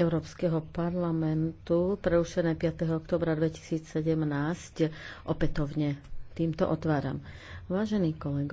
Európskeho parlamentu, prerušené 5. oktobra 2017, opätovne týmto otváram. Vážení kolegovia,